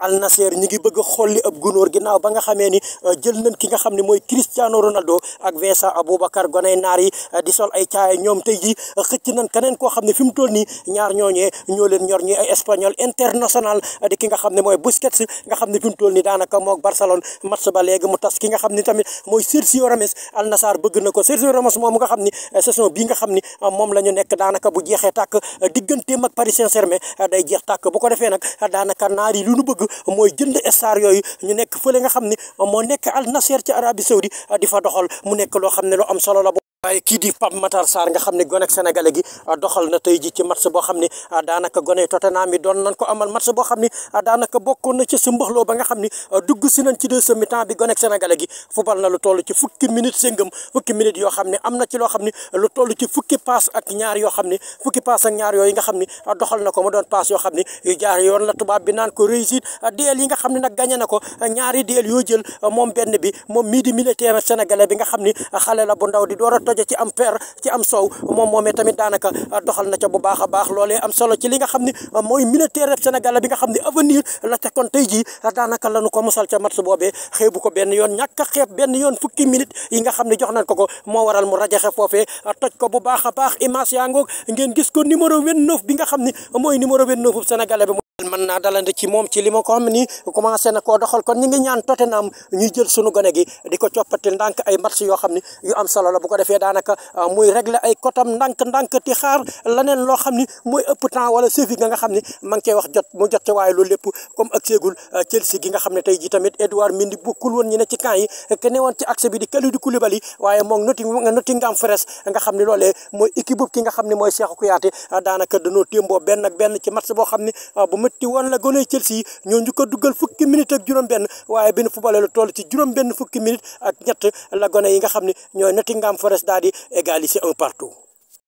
Al Nassr ñi ngi bëgg a xolli ab gunóor ginnaaw ba nga xamee ni euh, jël nañ ki nga xam ne mooy Cristiano Ronaldo ak Vincent Aboubakar goney naar yi euh, di sol ay caaya ñoom tey ji euh, xëcc nañ keneen koo xam ne fi mu toll nii ñaar ñooñee ñoo leen ñor ñi ay espagnol international ki nga xam ne mooy Busquets nga xam ne fi mu toll nii daanaka moog Barcelone match ba léegi mu tas ki nga xam ni tamit mooy Sergio Ramos Al Nassr bëgg na ko Sergio Ramos moom nga xam ni sason bi nga xam ni moom la ñu nekk daanaka bu jeexe jeexee tàkk digganteem ak Paris Saint-Germain day jeex tàkk bu ko defee nag daanaka naar yi lu ñu bëgg mooy jënd star yooyu ñu nekk fële nga xam ni moo nekk Al Nasser ci Arabie Saoudi di fa doxal mu nekk loo xam ne lu am solo la waaye kii di Pape Matar Sarr nga xam ne gonek sénégalais gi uh, doxal na tey ji ci match boo xam ne uh, daanaka gone Tottenham mi doon nañ ko amal match boo xam ne uh, daanaka bokkoon na ci sumbaxloo ba nga xam ne dugg si nañ ci deuxième temps bi gonek sénégalais gi fubal na lu toll ci fukki minutes séngam fukki minutes yoo xam ne am na ci loo xam ne lu toll ci fukki paas ak ñaar yoo xam ne fukki paas ak ñaar yooyu nga xam ne doxal na ko mu doon paas yoo xam ne yu yoon la tubaab bi naan ko réussite duel yi nga ne nag gagné na ko ñaari yoo jël moom benn bi moom mii di militaire sénégalais nga xam ne xale la bu ndaw di door daje ci am per ci am soow moom moomee tamit daanaka doxal na ca bu baax a baax loolee am solo ci li nga xam ne mooy militaire Sénégal bi nga xam ne avenir la ca kon tey a daanaka la nu ko mosal ca match boobee xeebu ko benn yoon ñàkk a benn yoon fukki minute yi nga xam ne jox nañ ko ko moo waral mu rajaxe foofee toj ko bu baax a baax image yaa ngoog ngeen gis ko numéro 29 bi nga xam ne mooy numéro 29 sénégalais bi mën naa dalandi ci moom ci li ko xam ni commencé na koo doxal kon ñi ngi ñaan Tottenham ñuy jël sunu gone gi di ko coppati ndànk ay match yoo xam ni yu am solo la bu ko defee daanaka ah, muy régler ay kotam ndànk-ndànk ti xaar laneen loo xam ni mooy ëpp temps wala suivi nga nga xam ni ma ngi koy wax jot mu jot ci waaye loolu lépp comme ak seegul ah, Chelsea gi nga xam ne tey ji tamit Edouard Mendy bokkul woon ñi ne ci camp yi ke woon ci accès bi di Kalidou Koulibaly waaye moom noti Nottingham Forest nga xam ne loolee mooy équipe boobu ki mooy Cheikhou Kouyaté ah, daanaka dañoo témboo benn benn ci match boo xam ni Tiwaan la gone Chelsea ñoo njëkk dugal duggal fukki minute juróom-benn waaye benn footballeur lu toll ci juróom-benn fukki minute ak ñett la gone yi nga xam ne ñooy Nottingham Forest daal di égaliser un partout.